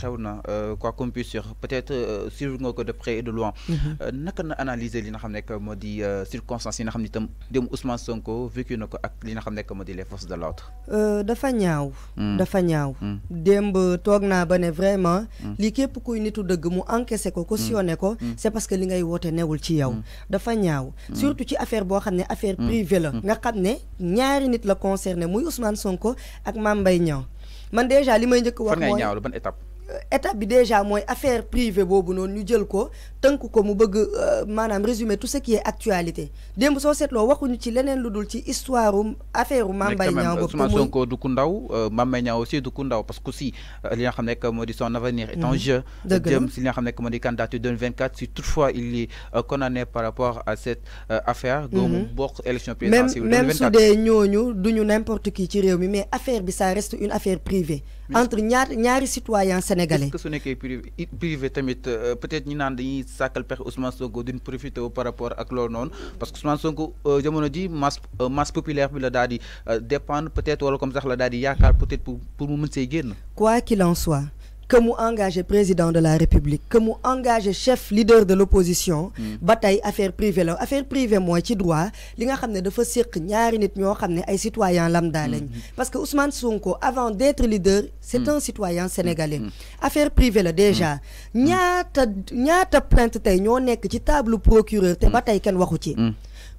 xew na euh, quoi qu'on puisse dire peut-être euh, suivre nga ko de près et de loin. Mhm. Euh, naka na analyser li nga xamné nekk modi circonstances yi nga xamni tam dem Ousmane Sonko vécu nako ak li nga xamné nekk modi les forces de l'ordre. euh dafa ñaaw. Mm. dafa ñaaw. Mm. démb tok na bané vraiment. Mm. li képp kuy nitu deug mu encaisser ko cautionner ko. c'est parce que li ngay woté néwul ci yow. dafa ñaaw surtout ci affaire bo xamné affaire privée la. nga xamné ñaari nit la concerné muy Ousmane Sonko ak Mame Mbaye Niang man déjà li may ñëk wax mooy fan ban étape. Euh, état bi déjà moy affaire privée bobu non ñu jël ko tënk ko mu bëgg euh, manam résumer tout ce qui est actualité so soo waxu ñu ci leneen utilise ci histoire um, affaire Mame ñaw Niang euh, boobu Ousmane Sonko du ku ndaw aussi du ku ndaw parce que si li nga xam nekk moo son avenir est en mm. jeu jëm si li nga xam nekk moo di candidature 2024 si toutefois il est condamné par rapport à cette affaire mm-hmm. doomu bokk élection présidentielle même su des ñooñu duñu n'importe qui ci réew mi mais affaire bi ça reste une affaire privée entre ñaar ñaari citoyen sénégalais. est-ce que ce n'est privé privé tamit euh, peut-être ñi naan dañuy sakal père Ousmane Sonko d'une profité par rapport à loolu non parce que Ousmane Sonko euh, jamono ji masse euh, masse populaire bi la Dadi dépend dépendre peut-être wala comme sax la Dadi yakar peut-être pour pour mu mën quoi qu'il en soit que engagez le président de la république que engagez le chef leader de l'opposition, Bataille mm. ba affaire privée affaire privée c'est ci droit li nga xam ne dafa séq ñaari nit ñoo xam ay lambda mm-hmm. parce que Ousmane Sonko avant d'être leader. c'est mm. un citoyen sénégalais. Mm-hmm. affaire privée là déjà. Mm-hmm. ñaata ñaata plainte tey ñoo nekk ci table procureur te ba mm. tey waxu ci.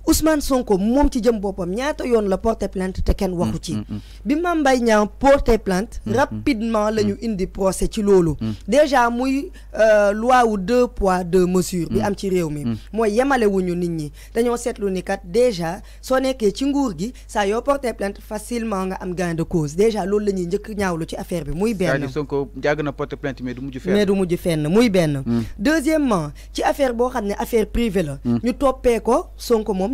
Ousmane Sonko mom ci jëm bopam ñaata yoon la porter plainte te ken waxu mm, ci mm, mm. bi Mame Niang porter plainte rapidement lañu indi procès ci lolu déjà muy euh, loi wu deux poids deux mesures bi am ci réew mi moy yemale wuñu nit ñi dañoo sétlu ni kat déjà so nekké ci nguur gi saa yo porter plainte facilement nga am gain de cause déjà lolu la ñëk ñaawlu ci affaire bi muy benn Sonko jàgg na porter plainte mais du muju fenn mais du mujj fenn muy benn deuxièmement ci affaire bo xamné affaire privée la ñu topé ko Sonko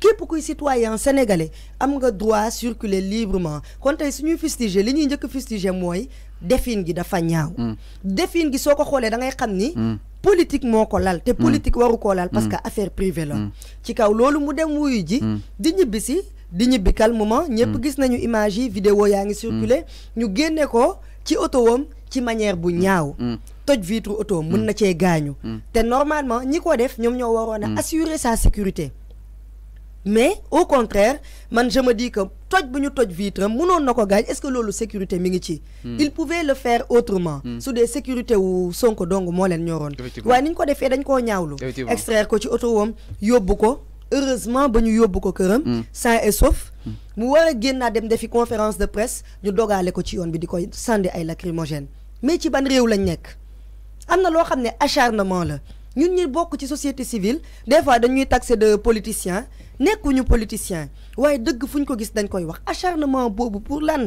képp kuy citoyen sénégalais am nga droit circuler librement kon tey suñuy fustiger li ñuy njëkk fustiger mooy defin gi dafa ñaaw hmm. defin gi soo ko xoolee da ngay xam ni hmm. politique moo ko lal te hmm. politique waru koo lal parce que affaire privée la ci kaw loolu mu dem wuyu ji di ñibbisi di ñibbi calmement ñëpp gis nañu image yi vidéo yaa ngi circuler ñu génne ko ci otowam ci manière bu ñaaw toj vitre oto mën na cee gaañu te normalement ñi ko def ñoom ñoo waroon a assurer sa sécurité mais au contraire je me dis que toj buñu toj vitre est-ce que la sécurité mi ngi hmm. il pouvait le faire autrement. Hmm. sous des sécurité wu Sonko dong mo len ñoroon. waaye niñ ko defee dañ ko ñaawlu. extraire ko ci auto wam yobbu heureusement bañu yobbu ko kërëm hmm. sans et sauf. mu nous conférence de presse ñu dogalé ko ci yoon bi di ay mais ci ban réew lañ nekk nous lo fait acharnement la ñun ñi ci société civile des fois dañuy taxé de politiciens nekkuñu politicien waaye dëgg fu ñu ko gis dañ koy wax acharnement boobu pour lan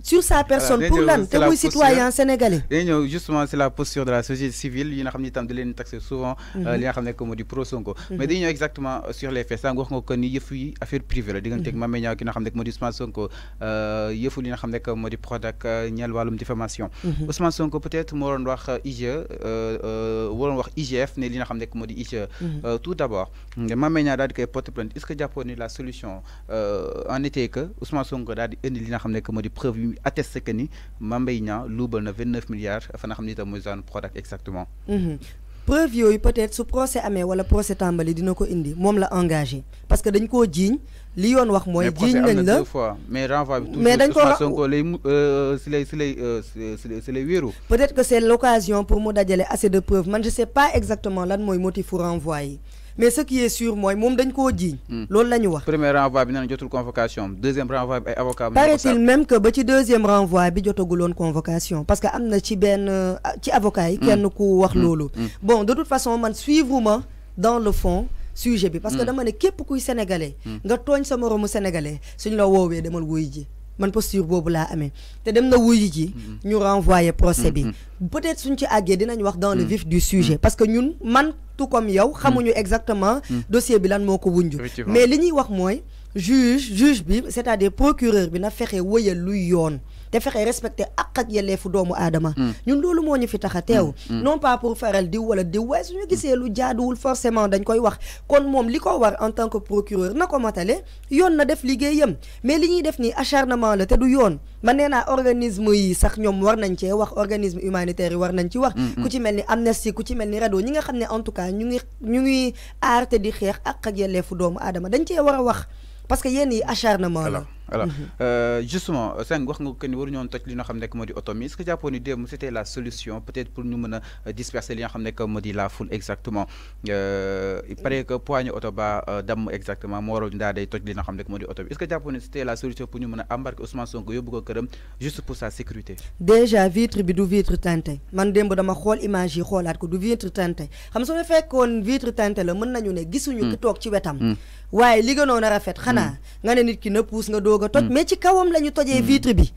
sur sa personne pour lan te muy citoyen sénégalais dañuy justement c'est la posture de la société civile yi nga xam ne itam da leen taxé souvent mhm. euh, li nga xam ne que moo di pro Sonko mhm. mais dañuy exactement euh, sur les faits sànq wax nga ko ni yëf yi affaire privée la diggante ak mhm. Mame Niang ki nga xam ne que moo di Ousmane Sonko euh, yëfu li nga xam ne que moo di Prodac ñeel wàllum diffamation Ousmane Sonko peut-être moo doon wax IGE waroon wax IGF ne li n'a xam ne que moo tout d'abord Mame Niang daal di koy porte plainte est-ce que jàppoon ni la solution en été que Ousmane Sonko daal di indi li nga xam ne que preuve lui atteste que ni Mame Mbaye Niang na 29 milliards fa na xam ni itam zone product exactement. Mhm. preuve yooyu peut-être su procès amé wala procès tambali dina ko indi mom la engagé parce que dañ ko jiiñ li yoon wax moy jiiñ nañ la mais renvoi tout mais dañ ko Sonko lay euh, euh, euh, si lay si lay si lay wéeru peut-être que c'est l'occasion pour mu dajale assez de preuves man je sais pas exactement lan mooy motifu renvoi yi mais ce qui est sûr moi mom dañ ko djign hmm. loolu lañu wax premier renvoi bi nee na jotul convocation deuxième renvoi bi ay avocat paraît-il même que ba ci deuxième renvoi bi jotaguloon convocation parce que amna ci ben ci avocat yi hmm. kenn ku wax hmm. loolu bon de toute façon man suivre moi dans le fond sujet bi parce que dama ne képp kuy sénégalais nga togn sa morom sénégalais suñ la wowe demal woy ji man posture bobu la na wuyu mhm. ñu renvoyer procès mhm, mhm. peut-être suñ ci aggé dinañ dans le vif du sujet. parce que nous, man tout comme yow. xamuñu exactement. dossier bi lan moko mais liñuy wax juge juge c'est-à-dire procureur bi na fexé te fexe respecté ak ak yelleefu doomu aadama mm. ñun loolu moo ñu fi tax a teew mm, mm. non pas pour faral diw wala diw waaye suñu gisee lu jaaduwul forcément dañ koy wax kon moom li ko war en tant que procureur na ko motale yoon na def liggéeyam mais li ñuy def nii acharnement la te du yoon man nee naa organisme yi sax ñoom war nañ cee wax organisme humanitaire yi war nañ ci wax ku ci mel ni Amnesty ku ci mel ni RADDHO ñi nga xam ne en tout cas ñu ngi ñu ngi aar te xeex ak ak yelleefu doomu aadama dañ cee war a wax parce que yenn yi acharnement la voilà mhm. euh, justement c'est wax nga ko ni waruñoon toj li nga xam nekk est-ce que jàppoon ni démb c'était la solution peut-être pour ñu mën euh, disperser li nga xam nekk la foule exactement euh, il paraît que pour oto ba exactement moo waral ndaa day toj li nga xam nekk moo est-ce que jàppoon ni c'était la solution pour ñu mën embarquer Ousmane Sonko yóbbu ko këram juste pour sa sécurité déjà vitre bi du vitre teintée man démb dama xol image yi xolat ko du vitre teintée xam su ne fekkone vitre teintée la mën nañu ne gisuñu hmm. ki tok ci wetam hmm. Waye li gënoon a rafet hmm. xana nga ne nit ki ne pousse nga bëgg toj mm. mais ci kawam lañu ñu mm. vitre bi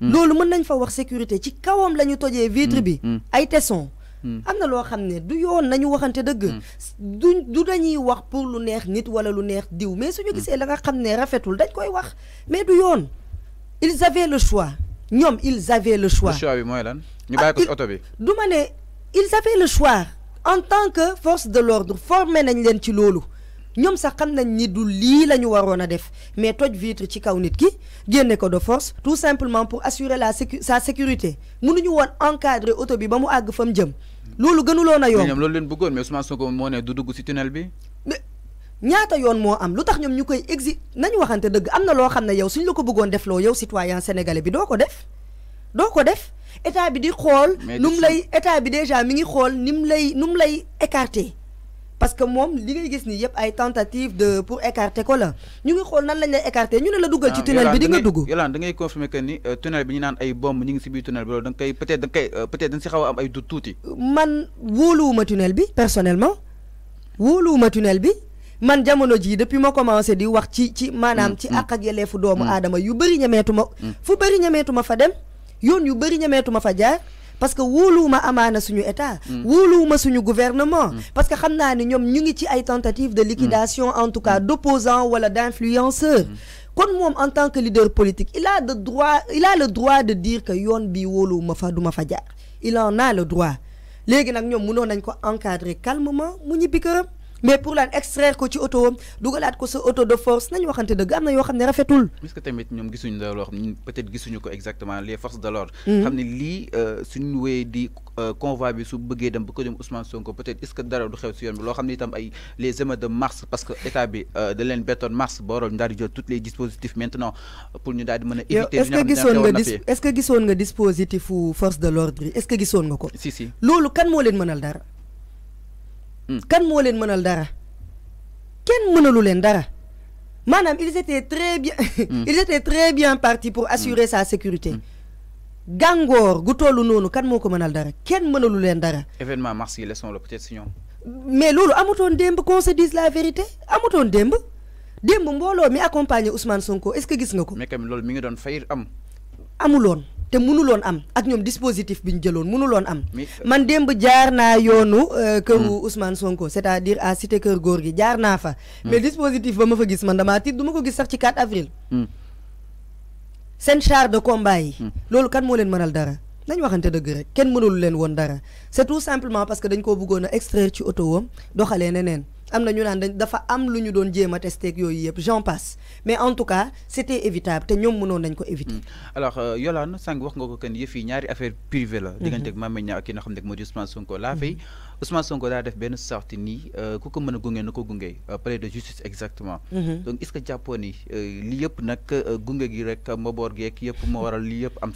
mm. lolou mën nañ fa wax sécurité ci kawam lañu ñu vitre bi ay tesson amna lo loo du yoon nañu waxante deug du du dañuy wax pour lu neex nit wala lu neex diw mais suñu gisee la nga xam rafetul dañ koy wax mais du yoon ils avaient le choix ñom ils avaient le choix. le choix bi moy lan ñu bay ko ci auto ah, bi. duma né ne ils avaient le choix en tant que force de l'ordre formé nañ len ci loolu ñom sax xam nañ ni du la warona def mais toj vitre ci kaw nit ki ko de force tout simplement pour assurer la sa sécurité Nous won encadrer auto bi ba mu ag jëm lolu nous ñam lolu leen bëggoon mais Ousmane Sonko mo né du dugg ci tunnel bi. ñaata yoon nous am lutax ñom que exi nañu waxante yow suñ la ko bëggoon def lo yow citoyen sénégalais bi def def état bi di xol num lay état bi déjà mi ngi xol nim lay lay écarter parce que mom li ngay gis ni yëpp ay tentative de pour écarter ko la ñu ngi xool nan lañ lay écarter ñu ne la duggal ci ah, tunnel bi di nga dugg Yolande da ngay confirmer que ni euh, tunnel bi ñu naan ay bomb ñu ngi ci biir tunnel bi da nga peut-être da nga euh, peut-être dañ ci si xaw am ay du touti. man wóoluwuma tunnel bi personnellement wóoluwuma tunnel bi man jamono ji depuis ma commencé di wax ci ci manam mm, ci ak mm. ak yelleefu doomu mm. adama yu bëri ñameetuma fu bëri ñameetuma fa dem yoon yu bëri ñameetuma fa jaar parce que wuluma amana suñu état mm. wuluma suñu gouvernement mm. parce que xamna ni ñom ñu ngi ci ay tentative de liquidation mm. en tout cas d'opposants wala d'influenceurs kon mom en tant que leader politique il a de droit il a le droit de dire que ce bi wuluma fa duma fa jaar il en a le droit légui nak ñom mënoon nañ ko encadrer calmement mu mais pour l'extraire ko ci auto dougalat ko sa auto de force nañu waxante dëgg am yo xamné xam rafetul. est-ce que tamit ñom gisuñu da loo xam peut-être gisuñu ko exactement les forces de l'ordre. Mm-hmm. xamné li lii euh, suñu wéyee di euh, convoi bi su bëggé dem ko dem Ousmane Sonko peut-être est-ce que dara du xew ci yoon bi lo xamné itam ay les émeutes de mars parce que état bi euh, de len béton mars booroon ñu daal di jël tous les dispositifs maintenant pour ñu daal di mën ñu est-ce que gisone nga est-ce que gisoon nga dispositif force de l'ordre est-ce que gisone nga ko. si si lolu kan mo leen mënal dara. Hmm. kan mo leen meunal dara kenn mënalu leen dara manam ils étaient très bien hmm. ils étaient très bien partis pour assurer hmm. sa sécurité gangor gu tolu noonu kan moo ko dara kenn mënalu leen dara événement mars yi leçon le peut-être si mais lolu amutoon demb qu'on se dise la vérité amutoon demb demb mbolo mi accompagner Ousmane Sonko est-ce que gis nga ko mais quand lolu mi ngi doon fayir am amuloon te mënuloon am ak ñoom dispositif bi ñu jëloon mënuloon am man démb jaar naa yoonu euh, këru hmm. Ousmane Sonko c'est-à-dire à cité kër góor gi jaar naa fa hmm. mais dispositif ba ma fa gis man damaa tiit duma ko gis sax ci 4 avril hmm. seen char de combat yi loolu kan moo leen mënal dara nañ waxante dëgg rek kenn mënul leen woon dara c'est tout simplement parce que dañ koo bëggoon a extraire ci oto wam doxalee neneen amna ñu naan dafa am doon a testé j'en passe mais en tout cas c'était évitable te ñoom mënoon nañ ko éviter. Mm. alors euh, Yolande sànq wax nga ko que yi ñaari affaire privée la. Mm-hmm. Mame ak ki xam ne moo di Sonko laa fay. Mm-hmm. Sonko def ko a de justice exactement. Mm-hmm. donc est-ce que jàppoon ni euh, li yëpp nag euh, gunge gi rek waral am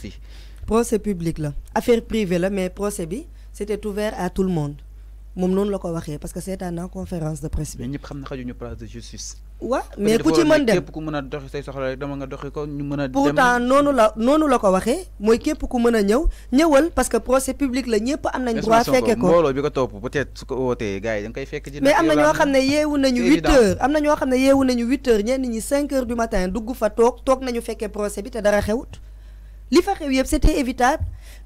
procès public la affaire privée la mais procès bi c'était ouvert à tout le monde mom noonu la ko waxe parce que seetaan naa conférence de presse bi. ñëpp xam na xajuñu place de justice. waaw mais ku ci mën dem kep ku meuna doxi say soxla rek dama nga doxi ko ñu meuna dem pourtant nonu la nonu la ko waxe moy kep ku meuna ñew ñewal parce que procès public la ñëpp am nañ droit fekke ko mbooloo bi ko topp peut-être su ko wootee gars yi koy fekk. ci mais am na ñoo xam ne nañu 8h am na ñoo xam ne nañu 8h ñen ñi 5h du matin duggu fa tok tok nañu fekke procès bi te dara xewut li fa xew yëpp c'était évitable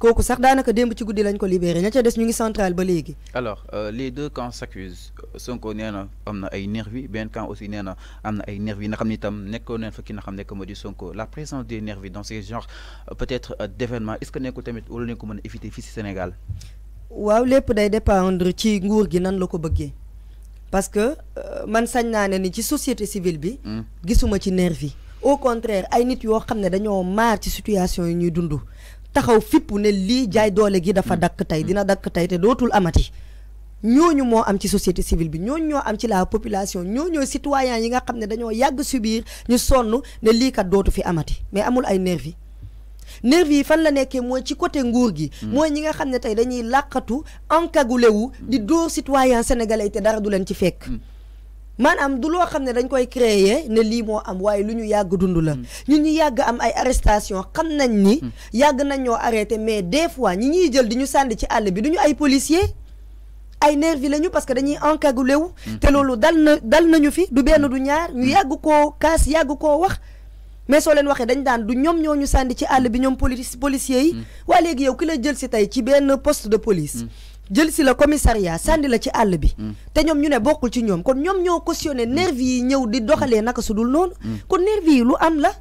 kooku sax daanaka démb ci guddi lañ ko libéré ña ca des ñu ngi central ba léegi. alors euh, les deux camps s'accusent Sonko nee na am na ay nervi benn camp aussi nee na am na ay nervi nga xam ne itam nekkoon nañ fa ki nga Sonko la présence des nervis dans ces genres euh, peut-être euh, d'événement est-ce que nekkul tamit wala nañ ko mën a éviter fii ci Sénégal. waaw lépp day dépendre ci nguur gi nan la ko bëggee parce que man sañ naa ni ci société civile bi. Hmm. gisuma ci nervi au contraire ay nit yo xam dañoo mar ci situation yi ñuy dund. taxaw fipp ne lii jaay doole gi dafa dakk tey dina dakk tey te dootul amati ñooñu moo am ci société civile bi ñooñu ñoo am ci la population ñooñoo citoyen yi nga xam ne dañoo yàgg subir ñu sonn ne lii kat dootu fi amati mais amul ay nervi nervi yi fan la nekkee mooy ci côté nguur gi hmm. mooy ñi nga xam ne tey dañuy làqatu encagoulé wu di dóor citoyen sénégalais te dara du leen ci fekk hmm. maanaam du loo xam ne dañ koy créer ne lii moo am waaye lu ñu yàgg dund la mm. ñun ñu yàgg am ay arrestation xam nañ ni mm. yàgg nañoo ñoo arrêté mais des fois ñi ñuy jël di ñu sàndi ci àll bi du ñu ay policier ay nervi la ñu parce que dañuy encagoulé wu mm. te loolu dal na dal nañu fi du benn du ñaar ñu yàgg koo kaas yàgg koo wax mais soo leen waxee dañ daan du ñoom ñoo ñu sànni ci àll bi ñoom police policiers yi waa léegi yow ki la jël si tey ci benn poste de police jël ci la commissariat sandi la ci all bi mm. té ñom ñu né bokul ci ñom kon ñom ñoo cautionné mm. nervi yi ñew di doxalé naka sudul non mm. kon nervi yi lu am la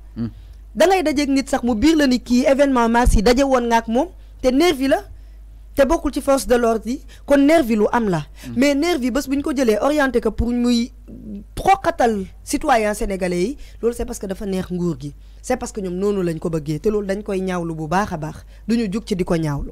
da ngay dajeeg nit sax mu bir la ni ki événement marsi dajé won nga ak mom té nervi la té bokul ci force de l'ordre kon nervi lu am la mais nervi bés bës buñ ko jëlé orienté que pour muy trokatal citoyen sénégalais yi lool c'est parce que dafa neex nguur gi c'est parce que ñom nonu lañ ko bëggé té lool dañ koy ñaawlu bu baaxa baax duñu juk ci diko ñaawlu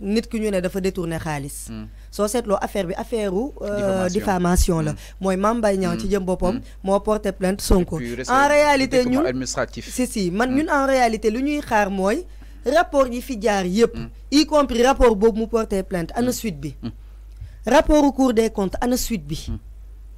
nit ki ñu ne dafa détourné xaalis. Hmm. soo seetloo affaire bi affaire u euh, diffamation la hmm. mooy mam Mbaye Niang hmm. ci jëm boppam moo porté plainte Sonko en réalité ñun administratif si si man ñun en réalité lu ñuy xaar mooy rapport yi fi jaar yépp y compris rapport boobu mu porté plainte ana suite bi rapport au Cour des comptes ana suite bi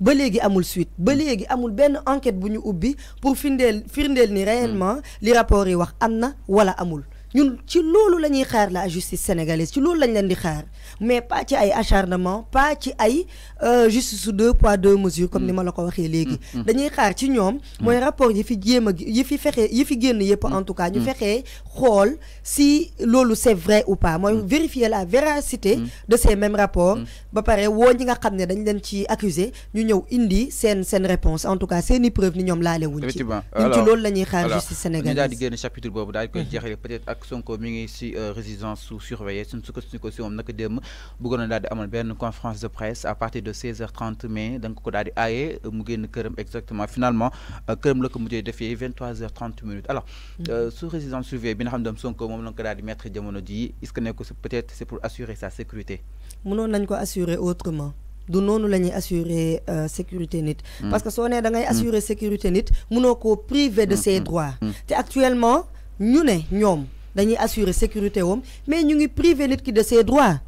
ba léegi amul suite ba léegi amul benn enquête bu ñu ubbi pour finir firndeel ni réellement li rapport yi wax am na wala amul ñun ci loolu la ñuy xaar la justice sénégalaise ci loolu lañ leen di xaar mais pas ci ay acharnement pas ci ay euh, justice su deux poids deux mesures comme ni mm. ma la ko waxee léegi mm, mm. dañuy xaar ci ñoom mooy rapport yi fi jéem a yi fi fexee yi fi génn yépp en tout cas ñu fexee xool si loolu c'est vrai ou pas mooy vérifier la véracité de ces mêmes rapports ba pare woo ñi nga xam ne dañ leen ci accusé ñu ñëw indi seen seen réponse en tout cas seen i preuve ni ñoom laale wuñ ci ñun ci loolu la ñuy xaar justice sénégalaise daal di génn chapitre boobu daal di koy jeexale peut-être Sonko mi ngi euh, résidence sous surveillance suñ sukkandiku si moom nag démb bëggoon na daal di amal benn conférence de presse à partir de 16h30 mais da ko daal di aaye euh, mu génn këram exactement finalement euh, këram la ko mujjee defee 23h30 minutes alors mhm. sous résidence surveillée bi nga xam ne Sonko mom la ko daal di mettre jamono ji est-ce que peut-être c'est pour assurer sa sécurité. mënoon nañ ko assurer autrement. du noonu la ñuy assurer sécurité nit. Hmm. parce que soo nee da ngay hmm. assurer sécurité nit mënoo koo privé de hmm, ses droits. te actuellement ñu ne ñoom dañuy assurer sécurité wam mais ñu ngi priver nit ki de ses droits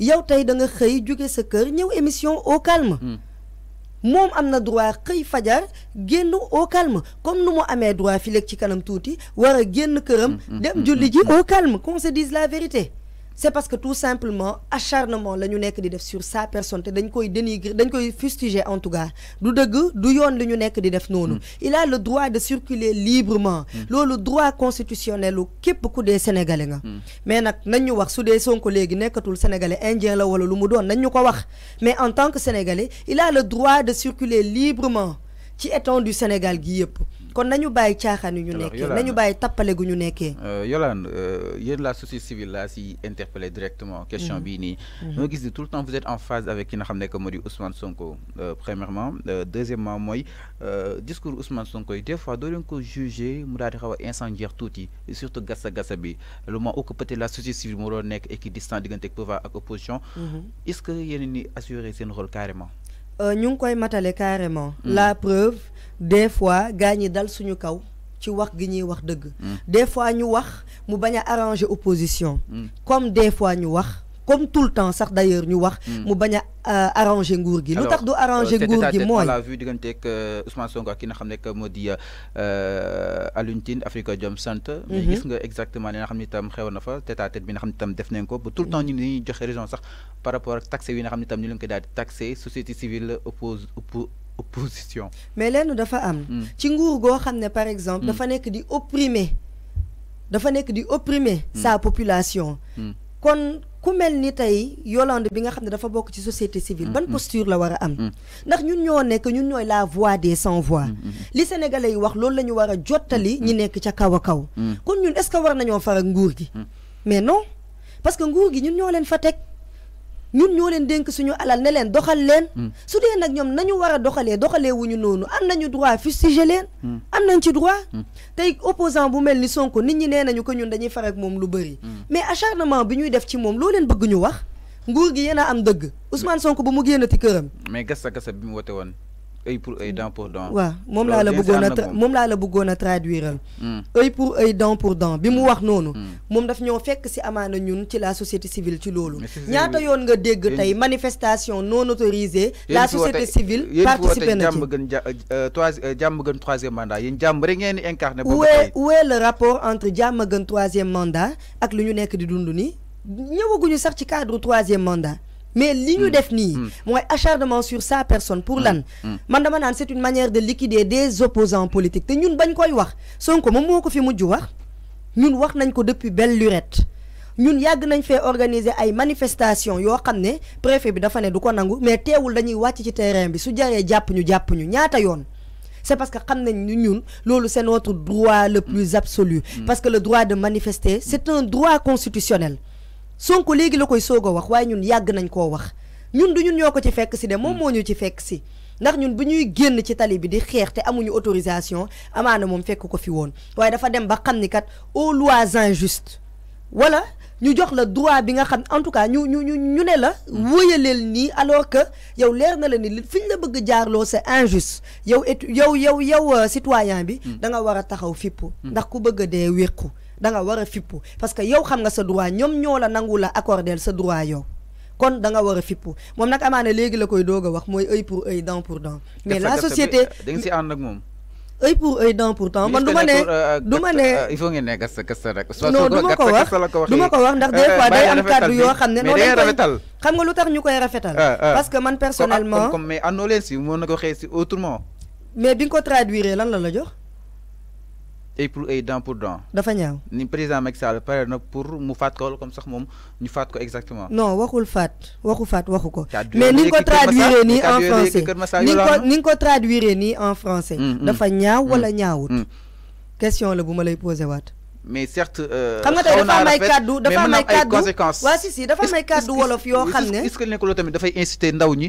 yow tay da nga xey jugé sa cœur ñew émission au calme mom hmm. amna droit xey fajar génn au calme comme nu mo amé droit fi léegi ci kanam touti wara genn kërëm hmm, hmm, dem julli ji au calme qu'on se dise la vérité c'est parce que tout simplement acharnement la ñu nekk di def sur sa personne té dañ koy dénigrer dañ koy fustiger en tout cas du deug du yoon li ñu nekk di def mm. il a le droit de circuler librement mm. lolu droit constitutionnel u képp ku dee sénégalais nga mm. mais nak nañ wax su dee Sonko légui nekatul sénégalais indien la wala lu mu doon nañ ko wax mais en tant que sénégalais il a le droit de circuler librement ci étendue du Sénégal gi yépp kon nañu bay caaxaan ñu nekkee nañu bàyyi tappale gu ñu nekkee euh, Yolande euh, yeen la société civile là si interpellé directement question mhm. bini ni mhm. dama gis ni tout le temps vous êtes en phase avec ki nga xam ne di Ousmane Sonko euh, premièrement deuxièmement moi discours Ousmane Sonko yi des fois do leen ko jugé mu daal di tout a incendiaire surtout gassa gassa bi le moment où que peut la société civile mu doon nekk équidistant diganté pouvoir ak opposition mhm. est-ce que yeen ni assuré seen rôle carrément euh, ñu ngi koy matale carrément. Mm. la preuve des fois gaa dal suñu kaw ci wax gi ñuy wax dëgg. Mm. des fois ñu wax mu bañ a arranger opposition. Mm. comme des fois ñu wax comme tout le temps sax d'ailleurs ñu wax. Hmm. mu baña euh, arranger nguur gi. lu tax du arranger euh, nguur gi mooy. la vue digganteeg euh, Ousmane Sonko ki nga xam que modi euh Aluntine Africa Jom Sant. mais mhm. gis nga exactement li nga xamni tam xewna fa tête à tête bi nga xamni tam def nañ ko ba tout le temps ñu ngi joxe raison sax par rapport ak taxe wi nga xamni tam ñu leen koy daal di taxé société civile oppose opposition. mais lenn dafa am. Hmm. ci nguur go xamne par exemple. Hmm. dafa nek di opprimer dafa nek di opprimer sa population. kon ku mel ni tey Yolande bi nga xam ne dafa bokk ci société civile ban mm-hmm. posture la war a am mm-hmm. ndax ñun ñoo nekk ñun ñooy la voix des sans voix mm-hmm. li sénégalais yi wax loolu la ñu war a jottali ñi nekk ca kaw a kaw kon ñun est-ce que war nañoo far ak nguur gi mais non parce que nguur gi ñun ñoo leen fa teg ñun ñoo leen dénk suñu alal ne leen doxal leen. Mm. su dee nag ñoom nañu war a doxalee doxalee wu ñu noonu am nañu droit fustiger leen. Mm. am nañ ci droit. Mm. tey opposant bu mel ni Sonko nit ñi nee nañu ko ñun dañuy far moom lu bëri. mais acharnement bi ñuy def ci moom loo leen bëgg ñu wax nguur gi yéen a am dëgg Ousmane Sonko ba mu génnati këram. mais gasa gasa bi mu wote woon. pour œil dent pour la traduire. Hmm. pour pour bi mu hmm. wax hmm. daf ñoo fekk la société civile ci nga manifestation non autorisée. la société civile participer na est le rapport entre troisième mandat ak lu ñu nekk di cadre troisième mandat mais ce ñu mm. def nii mm. acharnement sur sa personne pour mm. lan man dama c'est une manière de liquider des opposants politiques te ñun quoi koy wax Sonko moom moo ko fi mujj wax ñun wax nañ ko depuis belle lurette ñun avons nañ fait organiser ay manifestation y a préfet bi dafa ne du ko nangu mais teewul dañuy wàcc ci terrain bi su jaree jàpp ñu jàpp ñu ñaata yoon c'est parce que xam nañ ni ñun loolu c'est notre droit le plus absolu parce que le droit de manifester c'est un droit constitutionnel Sonko léegi la koy soog a wax waaye ñun yàgg nañ koo wax ñun du ñun ñoo ko ci fekk si de moom mm. moo ñu ci fekk si ndax ñun bu ñuy génn ci tali bi di xeex te amuñu autorisation amaana moom fekk ko fi woon waaye dafa dem ba xam ni kat aux lois injustes wala ñu jox la droit bi nga xam en tout cas ñu ñu ñu ñu ne la mm. leen nii alors que yow leer na la ni fi ñu la bëgg jaarloo c'est injuste yow et yow yow yow euh, citoyen bi mm. da nga war a taxaw fipp ndax ku bëgg a dee wéqu da nga war a fippu parce que yow xam nga sa droit ñoom ñoo la nangu la accordeel sa droit yow kon da nga war a fippu moom nag amaana léegi la koy doog a wax mooy œil pour œil dent pour dent mais la société euh, da nga si ànd ak moom œil pour œil dent pour dent man du ma ne du ma ne euh, euh, il faut ngeen ne gasta gasta rek non du ma ko wax du ma ko wax ndax des eh, fois eh, day am kàddu yoo xam ne noonu lañ koy xam nga lu tax ñu koy rafetal eh, parce que man personnellement comme mais àndoo leen si mën na ko xëy si autrement mais bi nga ko traduire lan la la jox ay pour ay dent pour dent. dafa ñaaw ni président Macky Sall pare na pour mu fat ko comme sax mom ñu fat ko exactement. non waxul fat, waxu fat, waxu ko. mais ni ko traduire ni en français ni ko ni ko traduire ni en français. dafa ñaaw mm. wala ñaawut. Mm. question la bu ma lay poser wat. mais certes. Euh, xam nga tey dafa dafa mais ay conséquences. waa si si dafa may cadeau wolof yo xam est-ce que nekkul tamit fay inciter ndaw ñi.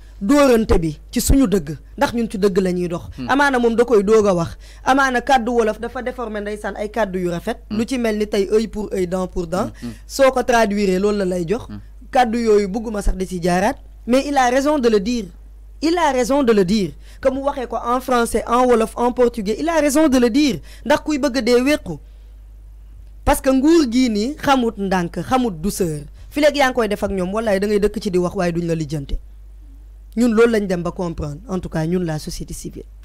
dóorante bi ci suñu deug ndax ñun ci deug lañuy dox hmm. amana moom da koy doga wax amana kàddu wolof dafa déformé ndaysan ay kàddu yu rafet hmm. lu ci melni tay œil pour œil dent pour dent hmm. soko ko traduire loolu la lay jox kàddu yooyu bëgguma sax di ci jaaraat mais il a raison de le dire il a raison de le dire que waxé ko en français en wolof en portugais il a raison de le dire ndax kuy bëgg dé wéxu parce que nguur gi ni xamut ndank xamut douceur filé ak yang koy def ak ñom wallaay da ngay dëkk ci di wax way duñ la lijeenté nous nous, nous, nous comprendre en tout cas nous, la société civile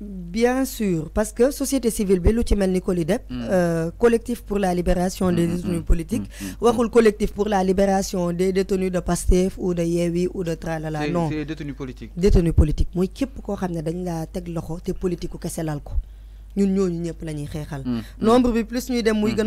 bien sûr parce que société civile le mm. euh, collectif pour la libération des mm, mm, détenus politiques le collectif pour la libération des détenus de Pastef ou de Yéwi ou de tralala non détenus politiques. Détenus politiques. mooy képp koo xam ne dañ laa teg loxo te politique ku kese lal ko ñun ñooñu ñëpp la nombre bi plus ñuy dem muy gën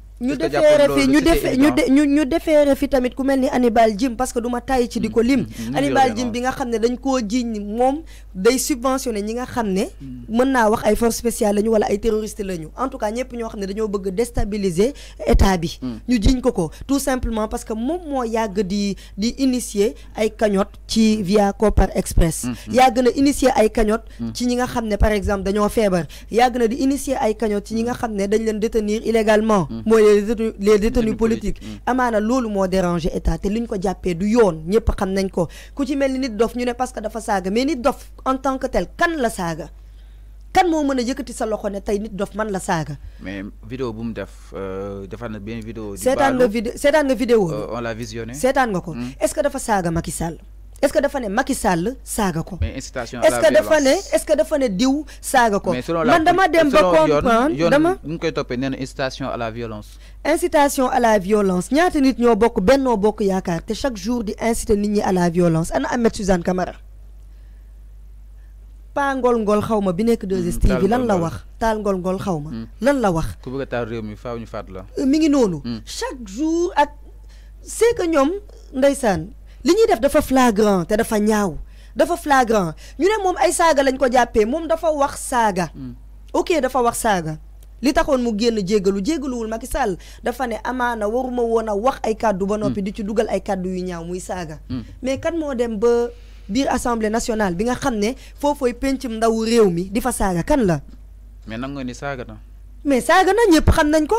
ñu defeere fi ñu defee ñu ñu defeere fi tamit ku melni Anibal Jim parce que duma tay ci diko lim mm-hmm. mm-hmm. Anibal Jim bi nga xamné dañ ko jiiñ mom day subventionné ñi nga xamné ne mm-hmm. mën naa wax ay force spéciales lañu wala ay terroristes lañu en tout cas ñepp ñoo xamné ne dañoo bëgg déstabiliser état bi mm. ñu jiiñ ko ko tout simplement parce que mom mo yag di di initier ay cagnotte ci via Copar Express yag na initier ay cagnotte mm. ci ñi nga xamné par exemple dañoo feebar yag na di initier ay cagnotte ci ñi nga xamné dañ leen détenir illégalement mm les détenus politiques hmm. amana loolu mo déranger état té li ko jappé du yoon ñepp xam nañ ko ku ci mel ni nit dof ñu né parce que dafa saga mais nit dof en tant que tel kan la saga kan mo mën a sa loxo ne tey nit dof man la saga mais vidéo bu mu def euh, defar na bien vidéo. seetaan le vidéo seetaan le vidéo. on l'a visionné seetaan nga hmm. est-ce que dafa saga Macky Sall est-ce que dafa Macky Sall saaga ko. mais incitation à la violence est-ce que dafa est-ce que dafa ne diw saaga ko. man dama dem ba comprendre dama ñu koy topé nee incitation à la violence. incitation à la violence ñaata nit ñoo bokk benno bokk yaakaar té chaque jour di inciter nit ñi à la violence ana Ahmed Suzanne Camara. pa ngol ngol xawma bi nek deux 2STV hmm, lan la wax tal ngol ngol xawma hmm. lan la wax. ku bëgg a taal réew mi faaw ñu fat la. mi ngi nonu hmm. chaque jour ak c'est que ñom ndeysaan. li ñuy def dafa flagrant te dafa ñaaw dafa flagrant ñu ne moom ay saaga lañ ko jàppee moom dafa wax saaga. Hmm. ok dafa wax saaga. li taxoon mu génn jéggalu jéggaluwul Macky Sall dafa ne amaana waruma woon a wax ay kàddu ba noppi hmm. di ci dugal ay kàddu yu ñaaw muy saaga. Hmm. mais kan moo dem ba biir assemblée nationale bi nga xam ne foofooy pencum ndawu réew mi di fa saaga kan la. mais nangu ni saaga na. mais saaga na ñëpp xam nañ ko.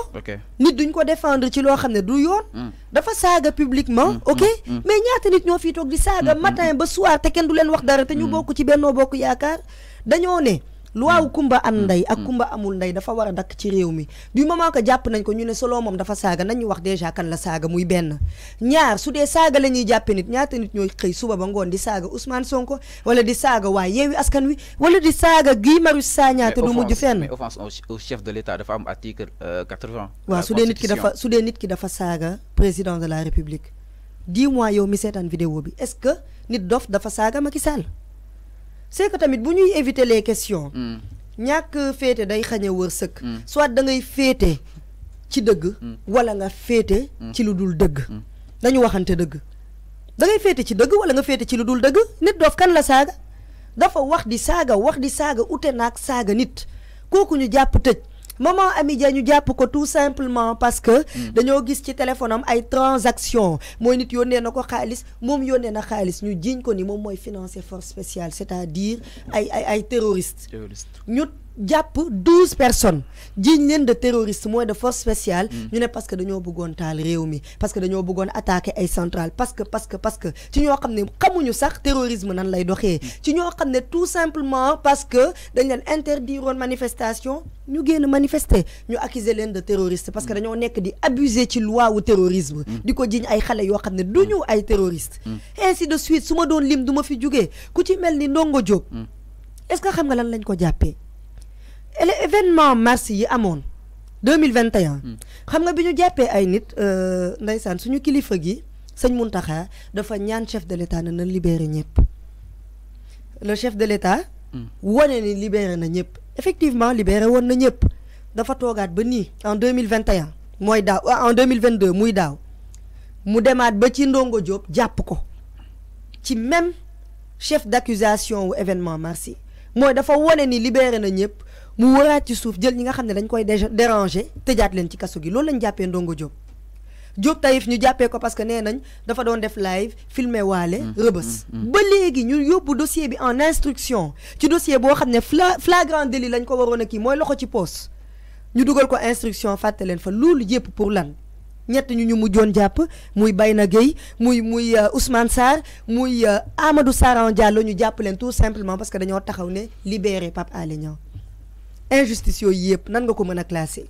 nit duñ ko défendre ci loo xam ne du yoon. Mm. dafa saaga publiquement mm, ok mm, mais ñaata nit ñoo fii toog di saaga matin ba soir te kenn du leen wax dara te ñu bokk ci Benno Bokk Yaakaar dañoo ne. loi wu hmm. kumba am hmm. ndey ak hmm. kumba amul nday dafa wara dak ci réew mi du moment que jàpp nañ ko ñu ne solo mom dafa saga nañ wax déjà kan la saga muy ben ñaar su dé saga lañuy ñuy nit ñaata nit ñoy xey suba ba ngoon di saga Ousmane Sonko wala di saga waa yewi Askan Wi wala di saga Guy Marius Sagna te du muju fenn mais offense au chef de l'État dafa am article 80 euh, waaw su dé nit ki dafa su dé nit ki dafa saga président de la République dis-moi yow mi sétane vidéo bi est-ce que nit dof dafa saga Macky Sall c'est que tamit bu ñuy éviter lee question mm. ñàkk féete day xañ a wërsëg. Mm. soit mm. da ngay féete ci dëgg. wala nga féete. ci lu dul dëgg. dañu waxante dëgg. dangay féete ci dëgg wala nga féete ci lu dul dëgg nit doof kan la saaga dafa wax di saaga wax di saaga na ak saaga nit kooku ñu jàpp tëj. maman Amidia, Diagne disons ko tout simplement parce que. Mm. dañu gis ci téléphone am ay transactions moy nit yónnee na ko xaalis moom na xaalis ñu jiiñ ko ni mom moy financer force spéciale c'est-à-dire ay ay ay terroristes jàpp 12 personnes dignes de terroristes moins de force spéciale mm. ñu ne parce que nous voulons taal réew parce que nous voulons attaquer ay centrales parce que parce que parce que nous ñoo xam ne xamuñu sax terrorisme nan lay doxee mm. ci nous xam tout simplement parce que dañ leen une manifestation nous génn manifester ñu accuser leen de terroristes parce que nous mm. nekk di abuser la loi wu terrorisme di ko jiiñ ay xale yoo xam ne du ñu ay et ainsi de suite su ma doon lim du ma fi jugee ku ci mel ni Ndongo est-ce que xam nga lan lañ ko événement mars à Monde 2021. xam nga biñu jappé ay nit euh, ndaysan suñu kilifa gi seigne dit dafa ñaan chef de l'état na libéré le chef de l'état hmm. woné ni libéré na effectivement libéré won na ñëpp dafa ba en 2021 ah, en 2022 mu ba ci Ndongo même chef d'accusation ou événement marsi dafa ni libéré na mu wëraat ci suuf jël ñi nga xam dañ koy déranger tëjaat leen ci kaso gi loolu lañ jàppee Ndongo parce que nee dafa doon def live filmé waale mm, rëbës mm, mm, ba dossier en instruction ci dossier ne flagrant délit lañ ko a kii loxo ci ñu ko instruction fàtte leen fa loolu pour lan ñett ñu ñu muy Bayna muy muy euh, Ousmane Sarr muy euh, Amadou Saran Diallo ñu tout simplement parce que dañoo taxaw libéré Pape injustice yooyu yep nan nga ko meuna classer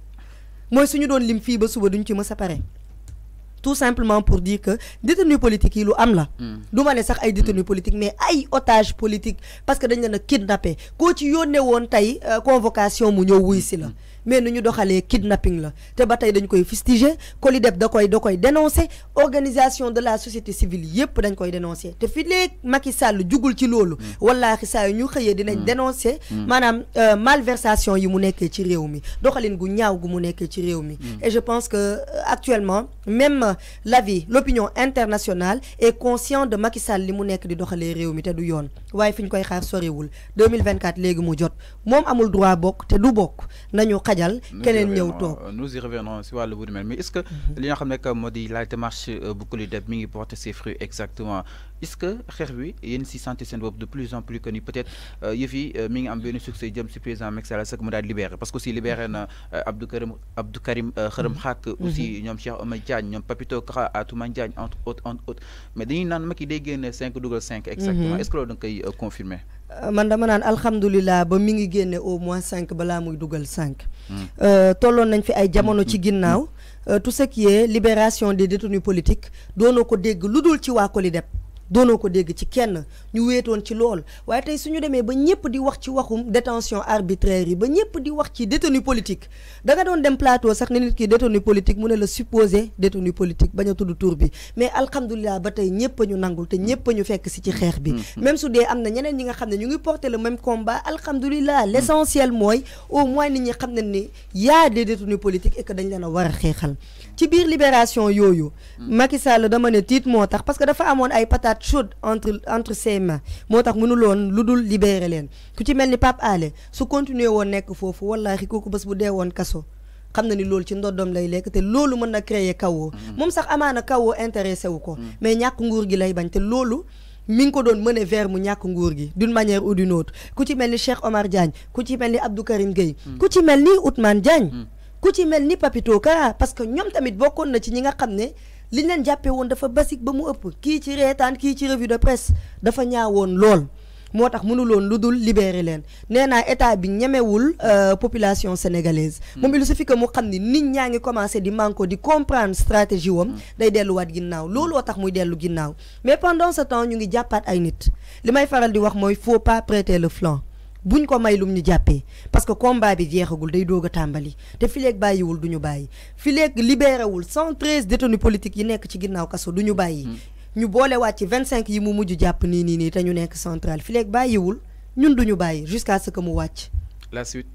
moy suñu doon lim fi ba suba duñ ci paré tout simplement pour dire que détenu politique yi lu am la hmm. duma né ne sax ay détenu hmm. politique mais ay otage politique parce que dañ leen kidnapper ko ci yónnee won tay euh, convocation mu ñëw wuy la hmm mais nous ñu doxalee kidnapping la té ba tey dañ koy fustiger COLIDEP da koy dakoy koy dénoncer organisation de la société civile yépp dañ koy dénoncer té fi léegi Macky Sall jugul ci lolu mm. wallahi saa ñu xëyee dinañ mm. dénoncer manam mm. euh, malversation yi mu nekkee ci réew mi doxalin gu ñaaw gu mu nekkee ci réew et je pense que euh, actuellement même euh, la vie l'opinion internationale est conscient de Macky Sall li mu nekk di doxalee réew mi te du yoon waaye fiñ koy xaar soriwul 2024 légui mu jot mom amul droit bok té du bok nañu xajal keneen ñëw toog nous y revenons si wàllu bu mel mais est ce que mhm. li nga xam ne que moo di la démarche euh, bu Colideb mi ngi porter ses fruits exactement est-ce que xeex bi yéen si santé sen de plus en plus connu peut-être euh, yefi euh, mi ngi am benn succès jëm ci président Macky Sall sax mu daal libéré parce que aussi libéré na euh, Abdou Karim Abdou Karim Xërëm mm-hmm. mm-hmm. aussi ñom Cheikh Omar Diagne ñom Papito Kara touman Diagne entre autres entre autres mais dañuy nan maki day génne cinq dugal cinq exactement mm-hmm. est-ce que loolu da confirmer man dama nan alhamdoulillah ba mi ngi génné au moins cinq balaa muy 5 cinq mm. tolon nañ fi ay jamono ci ginnaw tout ce qui est libération des détenus politiques no ko dégg lu ci wa waa Colidep doonoo ko dégg ci kenn ñu wéetoon ci lool waaye tey ñu demee ba ñëpp di wax ci waxum détention arbitraire yi ba ñëpp di wax ci détenu politique da doon dem plateau sax ne nit ki détenu politique mu ne la supposé détenu politique bañ a tudd tur bi mais alhamdulilah ba tey ñëpp a ñu nangul te ñëpp a ñu fekk si ci xeex bi mm-hmm. même su dee am na ñeneen ñi nga xam ne ñu ngi porté le même combat alhamdulilah mm-hmm. l' essentiel mooy au moins nit ñi xam ne ni yaa des détenus politiques et que dañ leen a war a xeexal ci biir libération yooyu mm-hmm. Macky Sall dama ne moo tax parce que dafa amoon ay patate patate entre entre ses mains moo tax mënuloon lu dul libéré leen ku ci mel ni Pape Alé su continuer woon nekk foofu wallaahi kooku bës bu dee woon kaso xam na ni loolu ci ndoddom lay lekk te loolu mën na créer kawoo mm. moom sax amaana kawoo intéressé wu ko mm. mais ñàkk nguur gi lay bañ te loolu mi ngi ko doon mëne ver mu ñàkk nguur gi d'une manière ou d'une autre ku ci mel ni Cheikh Omar Diagne ku ci mel ni Abdou Karim Gueye mm. ku ci mel ni Outmane Diagne ku ci mel ni Papito Kara parce que ñoom tamit bokkoon na ci ñi nga xam ne liñ leen jàppee woon dafa basique ba mu ëpp kii ci reetaan kii ci revue de presse dafa ñaawoon lool moo tax mënuloon lu dul libérer leen nee naa état bi ñemewul euh, population sénégalaise. Hmm. moom il suffit que mu xam ni nit ñaa ngi commencé di manko di comprendre stratégie wam. Hmm. day delluwaat ginnaaw looloo tax muy dellu ginnaaw mais pendant ce temps ñu ngi jàppaat ay nit li may faral di wax mooy faut pas prêter le flanc buñ ko may lum ñu parce que combat bi jéxagul day doga tambali té te fileeg bàyyiwul du ñu bàyyi libéré wul 113 détenus politiques yi nekk ci ginnaaw kasso duñu bayyi mm. ñu bolé wacc 25 yi mu muju ni ni ni nii te ñu nekk central fileeg bayiwul ñun duñu bayyi jusqu'à ce que mu wacc la suite.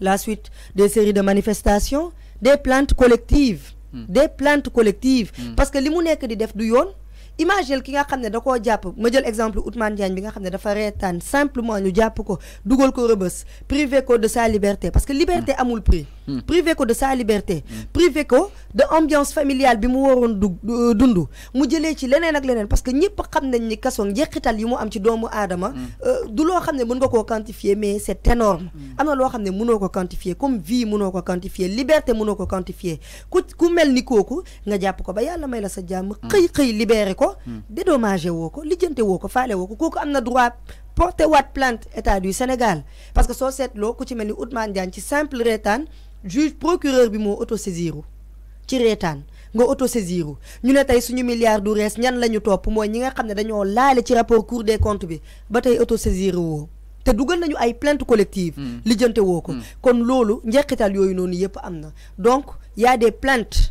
la suite des séries de manifestations des plantes collectives. Mm. des plantes collectives. Mm. parce que limu monnaies nekk di def du yon imagine ki nga xam ne da koo jàpp ma jël exemple Ousmane Diagne bi nga xam ne dafa simplement ñu jàpp ko dugal ko rëbës privé ko de sa liberté parce que liberté amul prix Hmm. privé ko de sa liberté hmm. privé ko de ambiance familiale bi mu woron dundu euh, mu jele ci lenen ak lenen parce que ñepp xam nañ ni kasso njeexital yi mu am ci doomu adama hmm. euh, du lo xam ne mën nga koo quantifier mais c'est énorme amna lo loo mëno ko quantifier comme vie mëno ko quantifier liberté mëno ko quantifier ku ku mel ni kooku nga japp ko ba yalla may la sa jamm xey xey libérer ko dédommagé woko lijeenté woko falé woko koku amna droit porté waat plainte état du Sénégal parce que soo seetloo ku ci mel ni Ousmane Diagne ci simple reetaan juge procureur bi moo autosaisiru ci reetaan nga autosaisiru ñu ne tey suñu milliard du rees ñan la ñu topp mooy ñi nga xam ne dañoo laale ci rapport cour des comptes bi ba tey autosaisiru woo te dugal nañu ay plainte collective hmm. lijjante woo ko hmm. kon loolu njeexital yooyu noonu yëpp am na donc y a des plaintes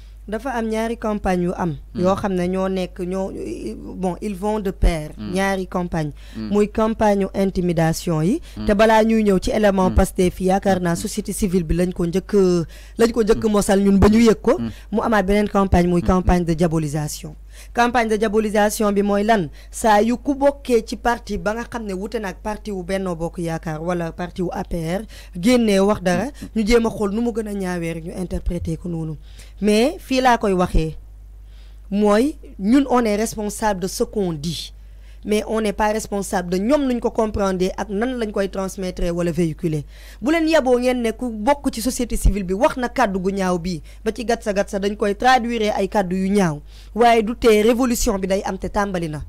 dafa am ñaari campagne yu am mm. yoo xam ne ñoo nekk ñoo bon ils vont de pair mm. ñaari campagne mm. muy campagne intimidation yi te balaa ñuy ñëw ci élément Pastef fi yaakaar naa société civile bi lañ ko njëkk lañ ko njëkk mosal ñun ba ñu yëg ko mu amaat beneen campagne muy campagne de diabolisation campagne de diabolisation bi moy lan saa yu ku bokke ci parti ba nga xam ne nak parti wu Benno Bokk yaakar wala parti wu APR génnee wax dara ñu jéma xol xool nu mu gën rek ñu interpréter ko nonu mais fi la koy waxé moy ñun on est responsable de ce qu'on dit mais on n'est pas responsable de ñom nuñ ko comprendre ak nan lañ koy transmettre wala véhiculer bu len yabo ngeen ne ku bokk ci société civile bi wax na kàddu gu ñaaw bi ba ci gatsa gatsa dañ koy traduire ay kaddu yu ñaaw waye du té révolution bi day am té tambalina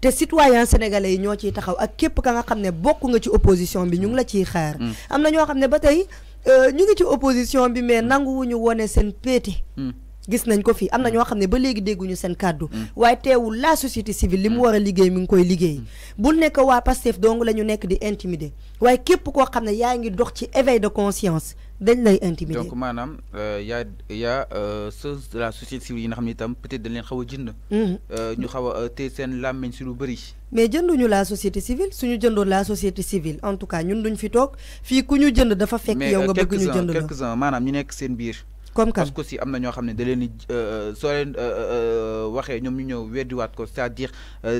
té citoyen sénégalais ñoo ci taxaw ak képp ka nga xamné bokku nga ci opposition bi ñu ngi la ci xaar mm. amna ño xamné ba tay euh, ñu ngi ci opposition bi mais nanguwuñu wone seen péete mm gis nañ ko fi am na ñoo xam ne ba léegi dégguñu seen kàddu waaye teewul la société civile li mu war a liggéey mi ngi koy liggéey bu nekk waa Pastef dong la ñu nekk di intimider waaye képp koo xam ne yaa ngi dox ci éveil de conscience dañ lay intimider donc maanaam euh, yaa yaa euh, chose de la société civile yi nga xam ne itam peut-être dañ leen xaw a jënd mm-hmm. euh, ñu xaw a téye seen làmmiñ si lu bëri mais jënduñu la société civile suñu jëndoon la société civile en tout cas ñun duñ fi toog fii ku ñu jënd dafa fekk yow nga bëgg ñu jënd la quelques-uns maanaam ñu nekk seen biir comme parce que si am na ñoo xam da leen di euh, euh, soo leen euh, waxé ñom ñu ñëw weddiwaat ko c'est-à-dire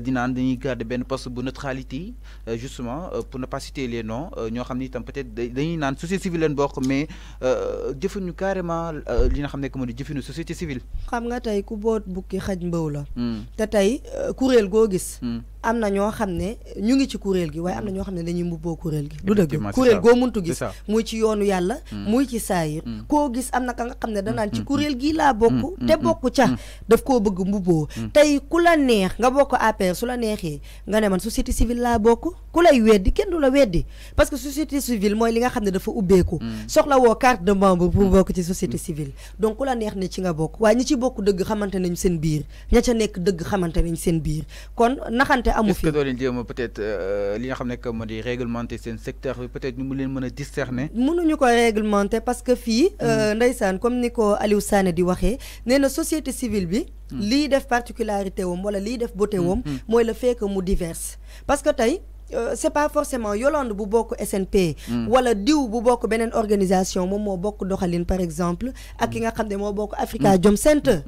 dinaan dañuy garder ben poste bu neutralité justement pour ne pas citer les noms ñoo xam tam peut-être dañuy naan société civile leen bokk mais jëfuñu carrément li nga xamné ne que moo di société civile. xam nga tay ku boot bukki xaj mbëw la. Hmm. te tey kuréel goo gis. Hmm. am na ñoo xam ne ñu ngi ci kuréel gi waaye am na ñoo xam ne dañuy mbubboo kuréel gi du dëgg kuréel goo muntu gis muy ci yoonu yàlla mm. muy ci saayir mm. koo gis am na ka nga xam ne danaan mm, ci kuréel gii laa bokk te bokk ca daf koo bëgg mbubboo tey ku la neex nga bokk APR su la neexee nga ne man société civile laa bokk ku lay weddi kenn du la weddi parce que société civile mooy li nga xam ne dafa ubbeeku soxla woo carte de membre pour bokk ci société civile donc la neex ne ci nga bokk waaye ñi ci bokk dëgg xamante nañ seen biir ña ca nekk dëgg xamante ñu seen biir kon naxante que peut-être euh, li nga ne que moo réglementer ce secteur peut-être nous mu leen discerner nous discerner. mënuñu ko réglementer parce que fii. Mm. Euh, ndeysaan comme Nico Aliou Sané di waxé né la société civile bi. Mm. li def particularité wom wala li def beauté ou mm, moy le fait que mu diverse parce que tey. Euh, c'est pas forcément Yolande bu bokk SNP. wala diw bu bokk organisation mom mo bok doxaline par exemple. ak ki nga xam ne moo africa Jom Center.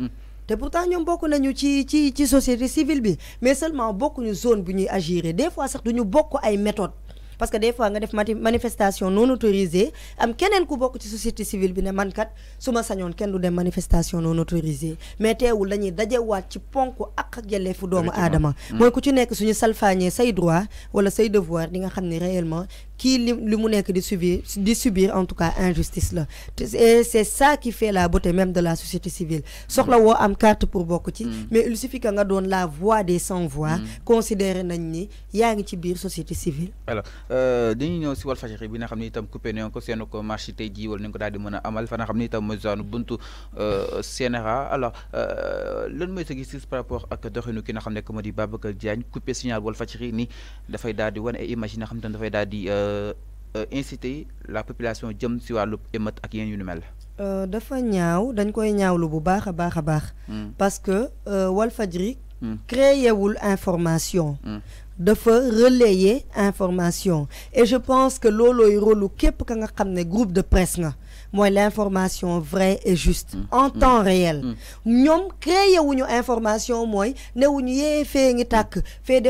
te pourtant ñoom bokk nañu ci ci ci société civile bi mais seulement bokkuñu zone bu ñuy agir des fois sax duñu bokk ay méthodes. parce que des fois nga def manifestation non autorisée am keneen ku bokk ci société civile bi ne man kat su ma sañoon kenn du dem manifestation non autorisée mais teewul dañuy dajewaat ci ponk ak ak yelleefu doomu aadama mm. mooy ku ci nekk suñu salfaañee say droit wala say devoir di nga xam ne réellement qui li li mu de di subir di subir en tout cas injustice là et c'est ça qui fait la beauté même de la société civile soxla woo am carte pour bokk ci mm. mais il suffit que nga doon la voix des sans voix mm. considérer nañ ni yaa ngi ci biir société civile alors euh, dañuy ñëw si Walfadjri bi nga xam ne itam coupé nañ ko seen ko marché tey jii wala nañ ko daal di mën a amal fa nga xam ne itam mooy CNRA euh, alors euh, le mooy sa gis par rapport ak doxinu ki nga xam ne que moo di Babacar Diagne coupé signal Walfadjri ni dafay daal di wan ay image yi nga xam ne dafay daal euh, euh, inciter la population jëm qui ak euh, dafa ñaaw dañ koy ñaawlu bu hmm. parce que hmm. créé wul information. Hmm. dafa relayer information et je pense que groupe de presse nga l'information vraie et juste en temps réel information mooy newuñu yee ngi tàkk fee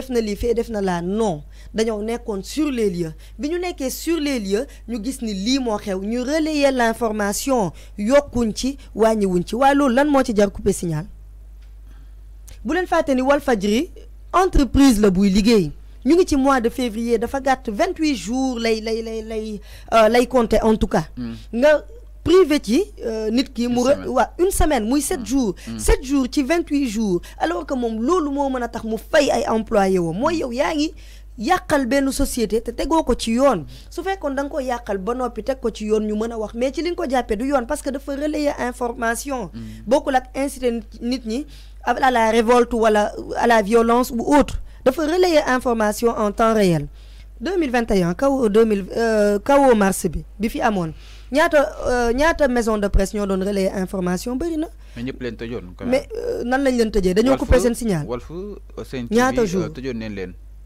non dañoo nekkoon sur les lieux bi ñu sur les lieux ñu gis ni lii moo xew ñu relayer l'information yokkuñ ci ci lan ci jar signal bu ni entreprise le ñu ngi mois de février dafa gàtt 28 jours lay lay lay lay euh, lay en tout cas hmm. nga privé ci euh, nit une semaine muy sept hmm. jours hmm. sept jours ci 28 jours alors que mon loolu moo mën a tax mu fay ay employé yàqal ben société te tegoo ko ci yoon su fekkoon dang ko yàqal ba nopi teg ko ci yoon ñu mëna a wax mais ci liñ ko jappé du yoon parce que dafa relayer information. Mm. Beaucoup ak inciter nit ñi à la révolte wala à la violence ou autre dafa relayer information en temps réel. 2021 kawo 2000 kawo mars bi bi fi amone ñaata euh, ñaata maison de presse ñoo doon relayer information bari na. mais ñëpp leen mais euh, nan lañ leen tëjee dañoo coupé sen signal. Walf euh, ñaata jour neen leen.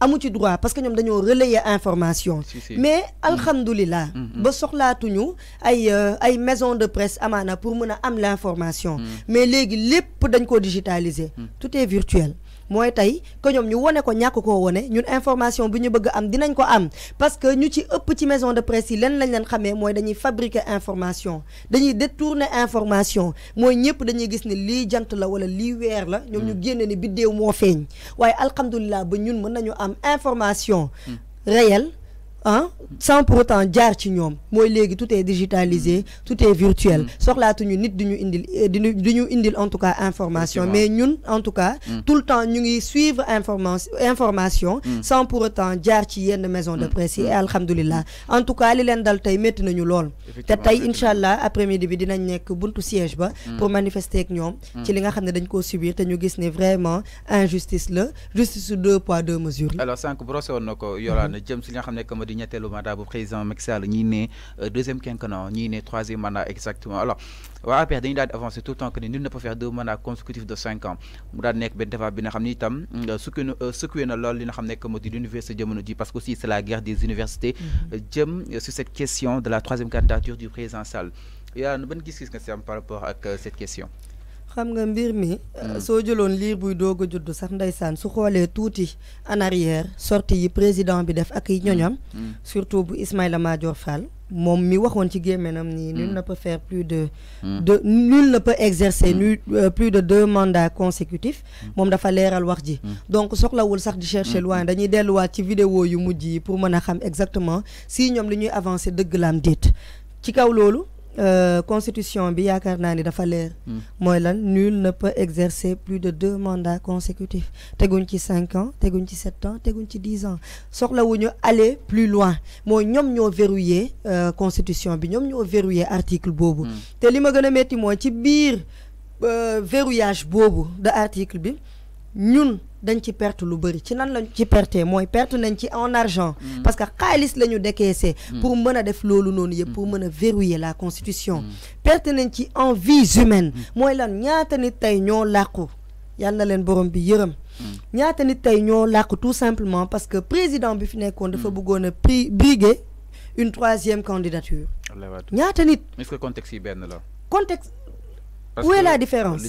amu ci droit parce que ñom dañoo relayer information mais mm. alhamdoulillah mm, mm. ba soxlaatuñu ay euh, ay maison de presse pour mën am mais légui lépp dañ ko digitaliser tout est virtuel moi, tay que ñom ñu woné ko ñun information bi ñu bëgg am parce que nous, ci ëpp ci maison de presse yi len lañ leen xamee dañuy fabriquer information dañuy détourner information moy ñëpp dañuy gis ni li jant la wala li wër la ñom ñu mm. information mm. réelle ah sans pour autant diar ci ñom moy légui tout est digitalisé tout est virtuel mm. soxlaatuñu nit di ñu indil euh, diñu di indil en tout cas information mais ñun en tout cas mm. tout le temps ñu ngi suivre information information mm. sans pour autant diar ci yenn maison de presse et alhamdulilah en tout cas li len dal tay metti nañu lool té tay inshallah après midi bi dinañ nek buntu siège ba pour manifester ak ñom ci li nga xamné dañ ko subir té ñu gis ne vraiment injustice le justice deux poids deux mesures alors sank brossé woon na jëm ci nga xamné di ñettelu mandat bu président Macky Sall ñi né euh, deuxième quinquennat ñi né troisième mandat exactement alors va APR dañu daal avant avancer tout le temps que nous ne peut faire deux mandats consécutifs de cinq ans mu daal nous nekk benn débat bi nga xam ni itam euh, euh, na lool li nga xam l'université nous ji parce que aussi c'est la guerre des universités mm-hmm. jëm sur cette question de la troisième candidature du président Sall il y a une bonne si par rapport à cette question xam nga mbir mi. Hmm. Eh, soo jëloon liir buy doog a judd sax ndeysaan su xoolee tuuti en arrière sortie yi président bi def ak hmm. Hmm. surtout Ismaïla Madior Fall. moom mi ci ne peut faire plus de de nul ne peut exercer euh, plus de deux mandats consécutifs moom dafa leeral wax ji donc soxlawul sax di chercher loin dañuy delluwaat ci vidéo yu pour mën a xam exactement si ñoom li ñuy avancer dëgg laam déet ci kaw euh, constitution bi car da ni dafa leer. Hmm. nul ne peut exercer plus de deux mandats consécutifs teguñ ci 5 ans teguñ ci sept ans teguñ ci dix ans aller plus loin Nous ñom ñoo verrouiller euh, constitution bi ñom verrouillé article bobu hmm. te li ma un euh, verrouillage de article bi ñun dañ ci perte lu bëri ci nan lañ ci perte moy perte nañ ci en argent mm. parce que xaliss lañu ñu mm. pour mëna def lolu noonu yëpp mm. pour mën verrouiller la constitution perte nañ ci en vies humaines moy lan ñaata nit tey ñoo làqu yalla na leen borom bi yërëm ñaata nit tey ñoo làqu tout simplement parce que président bi fi nekkoon dafa bëggoon a briguer une troisième candidature ñaata nit est-ce que contexte yi benn la contexte où est la différence